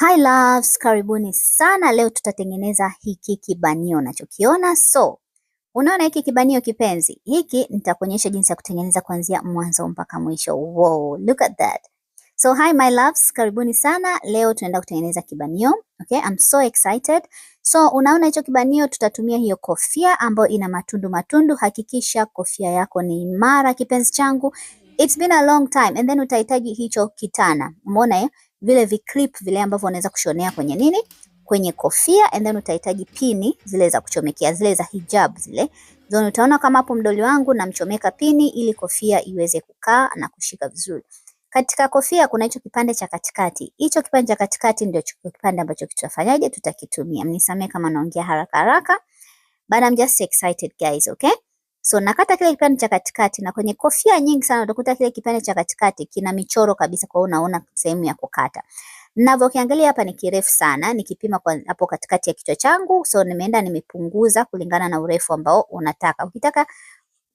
Hi loves, karibuni sana. Leo tutatengeneza hiki kibanio unachokiona. So unaona hiki kibanio kipenzi, hiki nitakuonyesha jinsi ya kutengeneza kuanzia mwanzo mpaka mwisho. Wow, look at that. So hi my loves, karibuni sana. Leo tunaenda kutengeneza kibanio. Okay, I'm so excited. So unaona hicho kibanio, tutatumia hiyo kofia ambayo ina matundu matundu. Hakikisha kofia yako ni imara, kipenzi changu. It's been a long time. And then utahitaji hicho kitana, umeona eh? vile viclip vile ambavyo unaweza kushonea kwenye nini, kwenye kofia, and then utahitaji pini zile za kuchomekea zile za hijab zile. Then utaona kama hapo mdoli wangu namchomeka pini ili kofia iweze kukaa na kushika vizuri. Katika kofia kuna hicho kipande cha katikati. Hicho kipande cha katikati ndio kipande ambacho kitafanyaje tutakitumia. Mnisamee kama naongea haraka haraka. But I'm just excited guys, okay? So nakata kile kipande cha katikati, na kwenye kofia nyingi sana utakuta kile kipande cha katikati kina michoro kabisa, kwa unaona sehemu ya kukata. Ninavyokiangalia hapa ni kirefu sana, nikipima kwa hapo katikati ya kichwa changu, so nimeenda nimepunguza kulingana na urefu ambao unataka. Ukitaka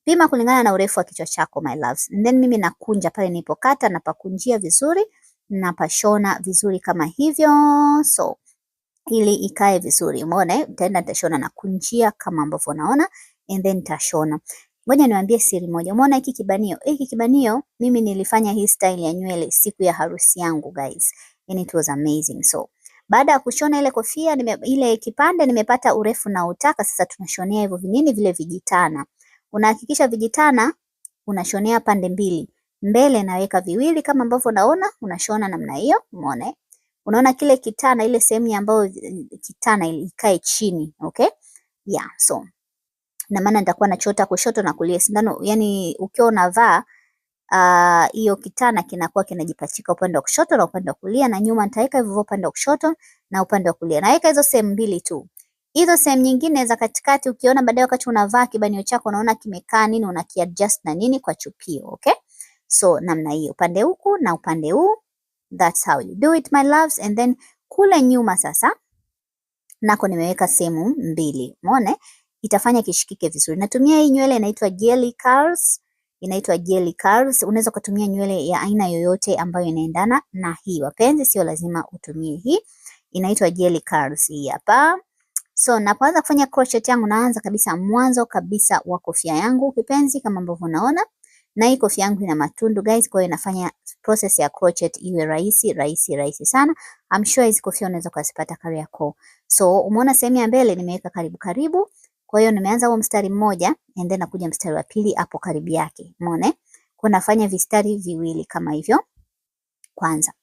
pima kulingana na urefu wa kichwa chako my loves. And then mimi nakunja pale nilipokata, na pakunjia vizuri, na pashona vizuri kama hivyo, so ili ikae vizuri. Umeona eh? Nitaenda nitashona na kunjia kama ambavyo unaona and then tashona. Ngoja niwaambie siri moja. Umeona hiki kibanio? Hiki kibanio mimi nilifanya hii style ya nywele siku ya harusi yangu guys. And it was amazing. So, baada ya kushona ile kofia nime, ile kipande nimepata urefu na utaka, sasa tunashonea hivyo vinini vile vijitana. Unahakikisha vijitana unashonea pande mbili. Mbele naweka viwili kama ambavyo unaona, unashona namna hiyo, umeona? Unaona kile kitana ile sehemu ambayo kitana ile ikae chini, okay? Yeah, so na maana nitakuwa nachota kushoto na kulia. Sindano yani ukiwa unavaa ah, hiyo uh, kitana kinakuwa kinajipachika upande wa kushoto na upande wa kulia, na nyuma nitaweka hivyo upande wa kushoto na upande wa kulia. Naweka hizo sehemu mbili tu. Hizo sehemu nyingine za katikati ukiona baadaye wakati unavaa kibanio chako unaona kimekaa nini, una kiadjust na nini kwa chupio, okay? So namna hiyo upande huku na upande huu. That's how you do it my loves. And then kule nyuma sasa nako nimeweka sehemu mbili. Umeona? itafanya kishikike vizuri. Natumia hii nywele inaitwa Jelly Curls, inaitwa Jelly Curls. Unaweza kutumia nywele ya aina yoyote ambayo inaendana na hii, wapenzi, sio lazima utumie hii. Inaitwa Jelly Curls hii hapa. So napoanza kufanya crochet yangu naanza kabisa mwanzo kabisa wa kofia yangu kipenzi, kama ambavyo unaona, na hii kofia yangu ina matundu guys, kwa hiyo inafanya process ya crochet iwe rahisi rahisi rahisi sana. I'm sure hizi kofia unaweza kuzipata Kariakoo. So umeona sehemu ya mbele nimeweka karibu karibu kwa hiyo nimeanza huo mstari mmoja and then nakuja mstari wa pili hapo karibu yake. Umeona? Kwa nafanya vistari viwili kama hivyo. Kwanza.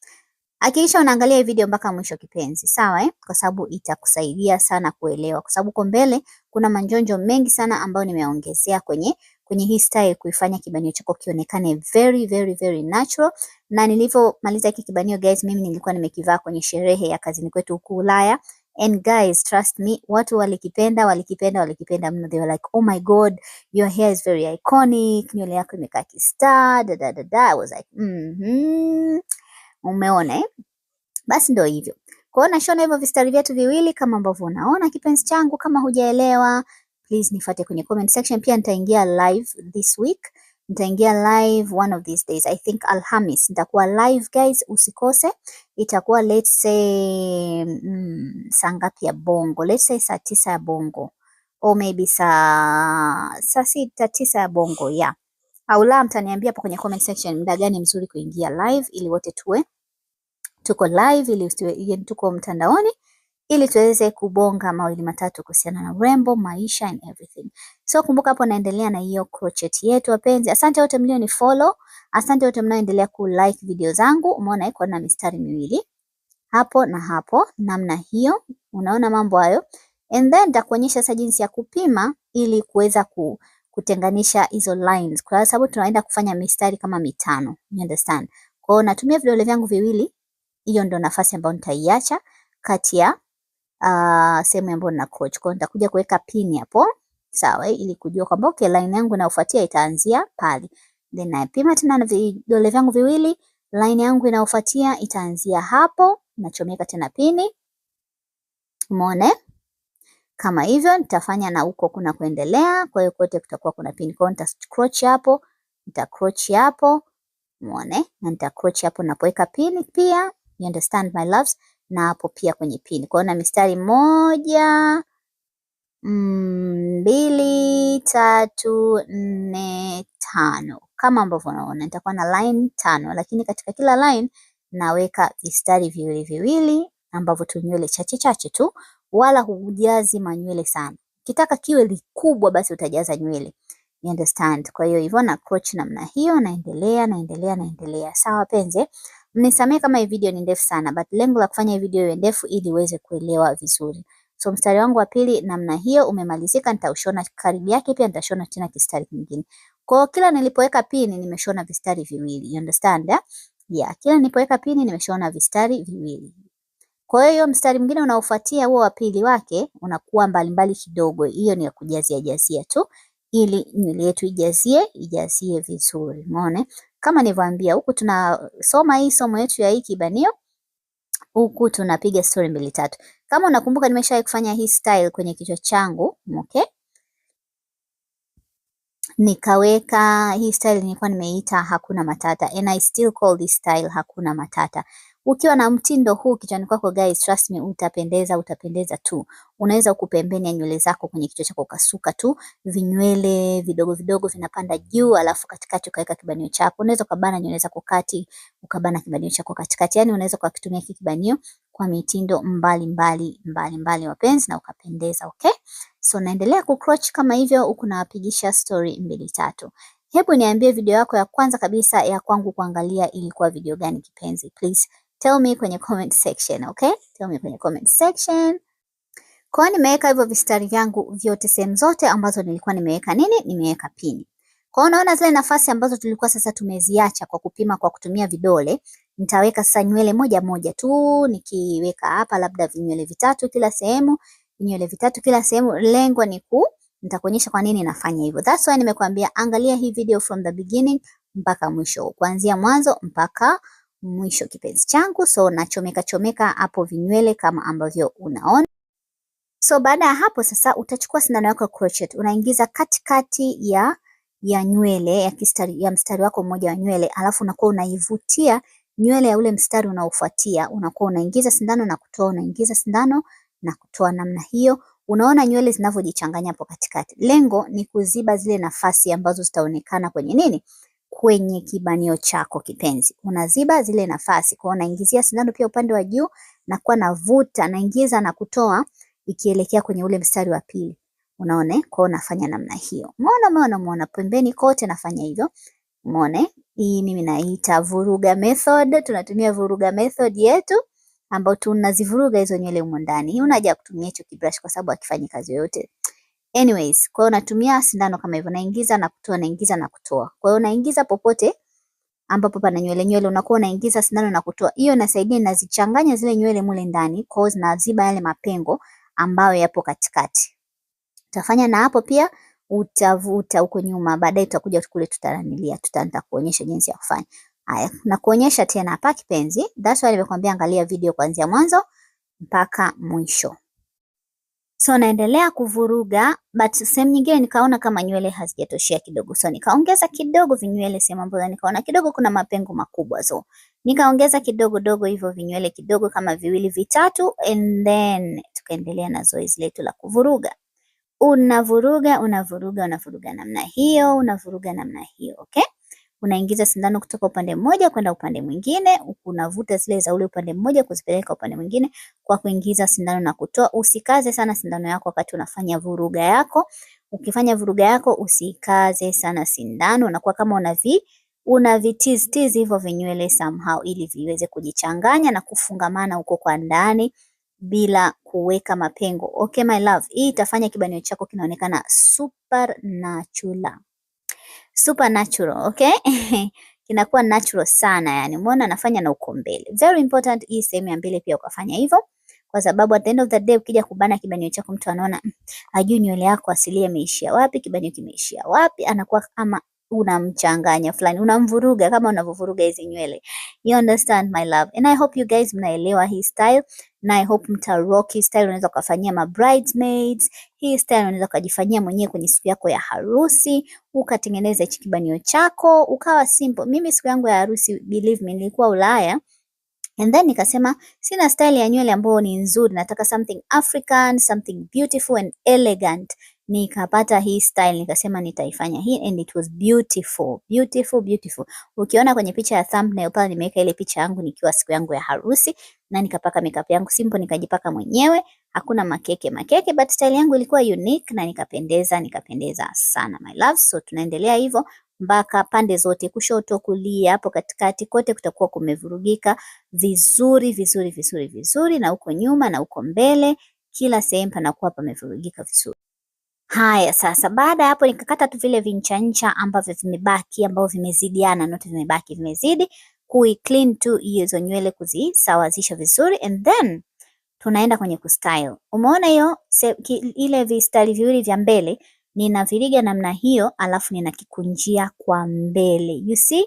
Hakikisha unaangalia video mpaka mwisho kipenzi, sawa eh? Kwa sababu itakusaidia sana kuelewa, kwa sababu huko mbele kuna manjonjo mengi sana ambayo nimeongezea kwenye kwenye hii style kuifanya kibanio chako kionekane very very very natural. Na nilivyomaliza hiki kibanio guys, mimi nilikuwa nimekivaa kwenye sherehe ya kazini kwetu huku Ulaya, And guys, trust me, watu walikipenda, walikipenda, walikipenda mno. They were like, oh my god, your hair is very iconic, nywele yako imekaa kistar, da da da da. I was like, mm-hmm. Umeona eh? Basi ndo hivyo. Kwa hiyo nashona hivyo vistari vyetu viwili kama ambavyo unaona kipenzi changu. Kama hujaelewa, please nifuate kwenye comment section. Pia nitaingia live this week nitaingia live one of these days, I think Alhamis nitakuwa live guys, usikose. Itakuwa let's say mm, saa ngapi ya Bongo? Let's say saa tisa ya Bongo or maybe saa saa sita tisa ya Bongo yeah. Au la, mtaniambia hapo kwenye comment section muda gani mzuri kuingia live, ili wote tuwe tuko live, ili tuwe tuko mtandaoni ili tuweze kubonga mawili matatu kuhusiana na urembo, maisha and everything. So kumbuka hapo naendelea na hiyo crochet yetu wapenzi. Asante wote mlio ni follow, asante wote mnaoendelea ku like video zangu. Umeona iko na mistari miwili hapo na hapo, namna hiyo, unaona mambo hayo. And then nitakuonyesha sasa jinsi ya kupima ili kuweza ku, kutenganisha hizo lines, kwa sababu tunaenda kufanya mistari kama mitano, you understand. Kwa hiyo natumia vidole vyangu viwili, hiyo ndio nafasi ambayo nitaiacha kati ya uh, sehemu ambayo nina coach. Kwa hiyo nitakuja kuweka pin hapo, sawa, ili kujua kwamba okay, line yangu inayofuatia itaanzia pale. Then napima tena na vidole vyangu viwili, line yangu inayofuatia itaanzia hapo, nachomeka tena pini. Umeona? Eh? Kama hivyo nitafanya na huko kuna kuendelea, kwa hiyo kote kutakuwa kuna pini. Kwa hiyo nita crochet hapo, nita crochet hapo. Umeona? Eh? Na nita crochet hapo napoweka pini pia. You understand my loves? na hapo pia kwenye pini. Kwa hiyo na mistari moja, mm, mbili, tatu, nne, tano kama ambavyo unaona nitakuwa na line tano, lakini katika kila line naweka vistari viwili viwili ambavyo tu nywele chache chache tu, wala hujazi manywele sana. Ukitaka kiwe likubwa, basi utajaza nywele, you understand. Kwa hiyo hivyo na approach namna hiyo, naendelea naendelea naendelea. Sawa penze. Mnisamehe kama hii video ni ndefu sana, but lengo la kufanya hii video iwe ndefu ili uweze kuelewa vizuri. So mstari wangu wa pili namna hiyo umemalizika, nitaushona karibu yake, pia nitashona tena kistari kingine. Kwa kila nilipoweka pini nimeshona vistari viwili. You understand eh? Yeah, kila nilipoweka pini nimeshona vistari viwili. Kwa hiyo mstari mwingine unaofuatia huo wa pili wake unakuwa mbalimbali kidogo. Hiyo ni ya kujazia jazia tu ili nywele yetu ijazie ijazie vizuri. Umeona? Kama nilivyoambia huku tunasoma hii somo yetu ya hii kibanio, huku tunapiga stori mbili tatu. Kama unakumbuka, nimeshawahi kufanya hii style kwenye kichwa changu okay? Nikaweka hii style nilikuwa nimeita hakuna matata, and I still call this style hakuna matata. Ukiwa na mtindo huu kichwani kwako guys, trust me, utapendeza utapendeza tu. Unaweza kupembenia nywele zako kwenye kichwa chako ukasuka tu vinywele vidogo vidogo vinapanda juu, alafu katikati ukaweka kibanio chako. Unaweza ukabana nywele zako kati ukabana kibanio chako katikati, yani unaweza ukakitumia hiki kibanio kwa mitindo mbalimbali mbalimbali, wapenzi, na ukapendeza. Okay, so naendelea kucroch kama hivyo, huku nawapigisha story mbili tatu. Hebu niambie video yako ya kwanza kabisa ya kwangu kuangalia ilikuwa video gani, kipenzi? Please Tell me kwenye comment section, okay? Tell me kwenye comment section. Kwa hiyo nimeweka hivyo vistari vyangu vyote sehemu zote ambazo nilikuwa nimeweka nini? Nimeweka pini. Kwa unaona naona zile nafasi ambazo tulikuwa sasa tumeziacha kwa kupima kwa kutumia vidole, nitaweka sasa nywele moja moja tu, nikiweka hapa labda vinywele vitatu kila sehemu, vinywele vitatu kila sehemu. Lengo ni ku nitakuonyesha kwa nini nafanya hivyo. That's why nimekuambia angalia hii video from the beginning mpaka mwisho, kuanzia mwanzo mpaka mwisho mwisho kipenzi changu. So nachomeka chomeka hapo vinywele kama ambavyo unaona. So baada ya hapo sasa utachukua sindano yako crochet unaingiza katikati ya ya nywele ya, kistari, ya mstari wako mmoja wa nywele, alafu unakuwa unaivutia nywele ya ule mstari unaofuatia, unakuwa unaingiza sindano na kutoa, unaingiza sindano na kutoa. Namna hiyo unaona nywele zinavyojichanganya hapo katikati. Lengo ni kuziba zile nafasi ambazo zitaonekana kwenye nini kwenye kibanio chako kipenzi. Unaziba zile nafasi, kwa unaingizia sindano pia upande wa juu na kuwa navuta, naingiza na kutoa ikielekea kwenye ule mstari wa pili. Unaona? Kwa nafanya namna hiyo. Umeona, umeona, umeona pembeni kote nafanya hivyo. Umeona? Hii mimi naita vuruga method. Tunatumia vuruga method yetu ambao tunazivuruga hizo nywele humo ndani. Huna haja kutumia hicho kibrush kwa sababu akifanyi kazi yoyote. Anyways, kwa hiyo natumia sindano kama hivyo, naingiza na kutoa, naingiza na kutoa. Kwa hiyo naingiza popote ambapo pana nywele nywele, unakuwa unaingiza sindano na kutoa. Hiyo inasaidia, inazichanganya zile nywele mule ndani, kwa hiyo zinaziba yale mapengo ambayo yapo katikati. Utafanya na hapo pia utavuta huko nyuma, baadaye tutakuja kule tutaranilia, tutaanza kuonyesha jinsi ya kufanya haya na kuonyesha tena hapa kipenzi. That's why nimekuambia angalia video kuanzia mwanzo mpaka mwisho. So naendelea kuvuruga but sehemu nyingine nikaona kama nywele hazijatoshea kidogo, so nikaongeza kidogo vinywele sehemu ambazo nikaona kidogo kuna mapengo makubwa, so nikaongeza kidogo dogo hivyo vinywele kidogo kama viwili vitatu, and then tukaendelea na zoezi letu la kuvuruga. Unavuruga, unavuruga, unavuruga namna hiyo, unavuruga namna hiyo, okay? unaingiza sindano kutoka upande mmoja kwenda upande mwingine, unavuta zile za ule upande mmoja kuzipeleka upande mwingine kwa kuingiza sindano na kutoa. Usikaze sana sindano yako wakati unafanya vuruga yako. Ukifanya vuruga yako usikaze sana sindano, unakuwa kama una vi una vitizi tizi hivyo vinywele somehow, ili viweze kujichanganya na kufungamana huko kwa ndani bila kuweka mapengo. Okay my love, hii itafanya kibanio chako kinaonekana super natural supernatural okay? kinakuwa natural sana yani, umeona anafanya na uko mbele. Very important hii sehemu ya mbele pia ukafanya hivyo, kwa sababu at the end of the day ukija kubana kibanio chako mtu anaona hmm, ajui nywele yako asilia imeishia wapi, kibanio kimeishia wapi, anakuwa kama unamchanganya fulani, unamvuruga kama unavyovuruga hizi nywele. You understand my love, and I hope you guys mnaelewa hii style na I hope mta rock hii style. Unaweza ukafanyia ma bridesmaids hii style, unaweza ukajifanyia mwenyewe kwenye siku yako ya harusi, ukatengeneza hichi kibanio chako ukawa simple. Mimi siku yangu ya harusi, believe me, nilikuwa Ulaya and then nikasema sina style ya nywele ambayo ni nzuri, nataka something African, something beautiful and elegant nikapata hii style nikasema nitaifanya hii and it was beautiful, beautiful, beautiful. Ukiona kwenye picha ya thumbnail pale nimeweka ile picha yangu nikiwa siku yangu ya harusi na nikapaka makeup yangu simple nikajipaka mwenyewe, hakuna makeke makeke, but style yangu ilikuwa unique na nikapendeza, nikapendeza sana my love. So tunaendelea hivyo mpaka pande zote, kushoto, kulia, hapo katikati, kote kutakuwa kumevurugika vizuri vizuri vizuri vizuri, na huko nyuma na huko mbele, kila sehemu panakuwa pamevurugika vizuri. Haya sasa, baada ya hapo nikakata tu vile vincha ncha ambavyo vimebaki, ambavyo vimezidiana, not vimebaki, vimezidi, kui clean tu hizo nywele kuzisawazisha vizuri, and then tunaenda kwenye kustyle. Umeona hiyo ile vistyle viwili vya mbele ninaviriga namna hiyo, alafu ninakikunjia kwa mbele. You see,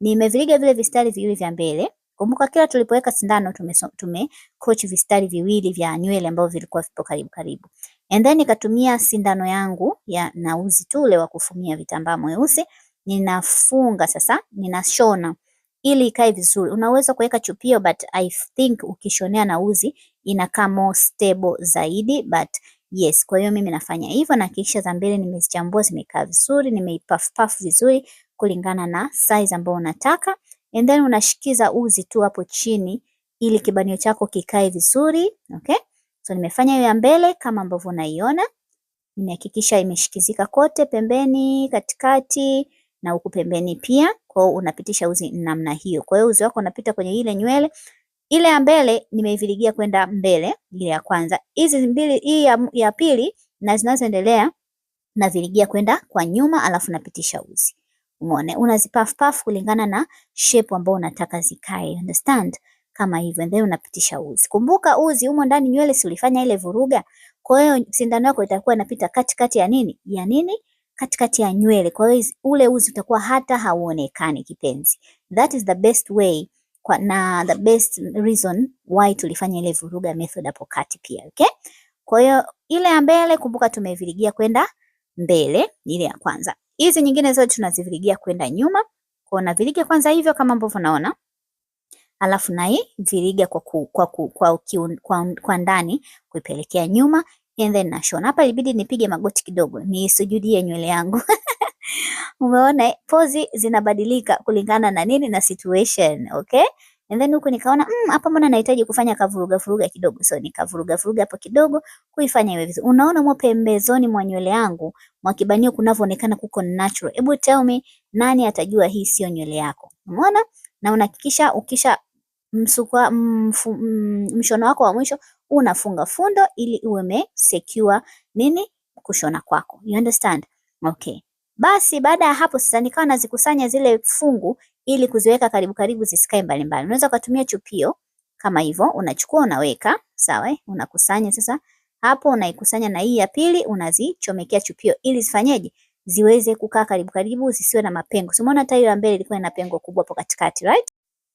nimeviriga vile vistyle viwili vya mbele. Kumbuka kila tulipoweka sindano tume, tume coach vistyle viwili vya nywele ambavyo vilikuwa vipo karibu karibu. And then nikatumia sindano yangu ya nauzi tu ule wa kufumia vitambaa mweusi, ninafunga sasa, ninashona ili ikae vizuri. Unaweza kuweka chupio but I think ukishonea uzi inakaa more stable zaidi but yes, kwa hiyo mimi nafanya hivyo na kisha za mbele nimezichambua zimekaa vizuri, nimeipuff puff vizuri kulingana na size ambayo unataka. And then unashikiza uzi tu hapo chini ili kibanio chako kikae vizuri, okay? So nimefanya hiyo ya mbele kama ambavyo unaiona, nimehakikisha imeshikizika kote, pembeni, katikati na huku pembeni pia. Kwa hiyo unapitisha uzi namna hiyo. Kwa hiyo uzi wako unapita kwenye ile nywele. Ile ya mbele nimeivirigia kwenda mbele, ile ya kwanza. Hizi mbili, hii ya, ya pili na zinazoendelea navirigia kwenda kwa nyuma, alafu napitisha uzi. Umeona, unazipuff puff kulingana na shape ambayo unataka zikae. Understand? kama hivyo, and then unapitisha uzi. Kumbuka uzi humo ndani nywele, si ulifanya ile vuruga? Kwa hiyo sindano yako itakuwa inapita katikati ya nini ya nini, katikati ya nywele. Kwa hiyo ule uzi utakuwa hata hauonekani kipenzi. That is the best way kwa, na the best reason why tulifanya ile vuruga method hapo kati pia, okay? Kwa hiyo ile ya mbele kumbuka tumeviligia kwenda mbele, ile ya kwanza. Hizi nyingine zote tunazivirigia kwenda nyuma. Kwa naviriga kwanza hivyo kama ambavyo unaona alafu naiviriga kwa, ku, kwa, ku, kwa, kiun, kwa, kwa ndani kuipelekea nyuma and then nashona. Hapa ilibidi nipige magoti kidogo nisujudie nywele yangu Umeona pozi zinabadilika kulingana na nini na situation, okay? And then huku nikaona mm, hapa, mbona nahitaji kufanya kavuruga furuga kidogo, so nikavuruga furuga hapo kidogo kuifanya iwe vizuri. Unaona mwa pembezoni mwa nywele yangu mwa kibanio kunavyoonekana kuko natural. Hebu tell me nani atajua hii sio nywele yako? Umeona? na unahakikisha ukisha msukwa, mm, mm, mshono wako wa mwisho unafunga fundo ili uwe me secure nini kushona kwako, you understand? Okay, basi baada ya hapo sasa nikawa nazikusanya zile fungu ili kuziweka karibu karibu zisikae mbali mbali. Unaweza ukatumia chupio kama hivyo, unachukua unaweka sawa, eh? unakusanya sasa hapo unaikusanya na hii ya pili unazichomekea chupio ili zifanyeje? ziweze kukaa karibu karibu, zisiwe na mapengo. So umeona hata hiyo ya mbele ilikuwa ina pengo kubwa hapo katikati, right?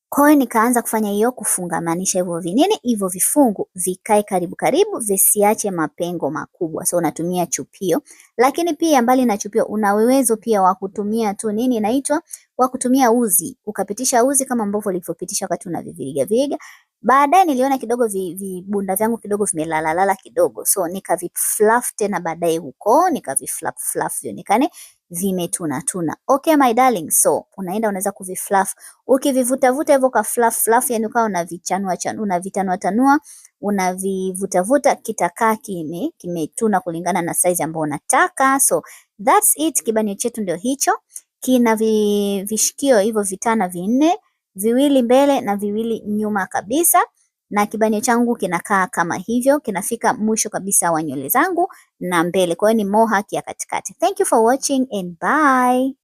Kwa hiyo nikaanza kufanya hiyo kufungamanisha hivyo vinene hivyo vifungu vikae karibu karibu, visiache mapengo makubwa. So unatumia chupio, lakini pia mbali na chupio, una uwezo pia wa kutumia tu nini inaitwa, wa kutumia uzi, ukapitisha uzi kama ambavyo ulivyopitisha wakati unaviviriga viriga, Baadaye niliona kidogo vibunda vi vyangu kidogo vimelalalala kidogo, so nikavifluff tena baadaye huko nikavifluff fluff vionekane vimetunatuna. tuna. Okay my darling, so unaenda unaweza kuviflaf ukivivutavuta vuta hivyo ka fluff fluff, yani ukawa unavichanua chanua unavitanua tanua unavivuta kitakaa kime kimetuna kulingana na size ambayo unataka. So that's it, kibanio chetu ndio hicho, kina vishikio hivyo vitana vinne viwili mbele na viwili nyuma kabisa na kibanio changu kinakaa kama hivyo, kinafika mwisho kabisa wa nywele zangu na mbele. Kwa hiyo ni mohack ya katikati. Thank you for watching and bye.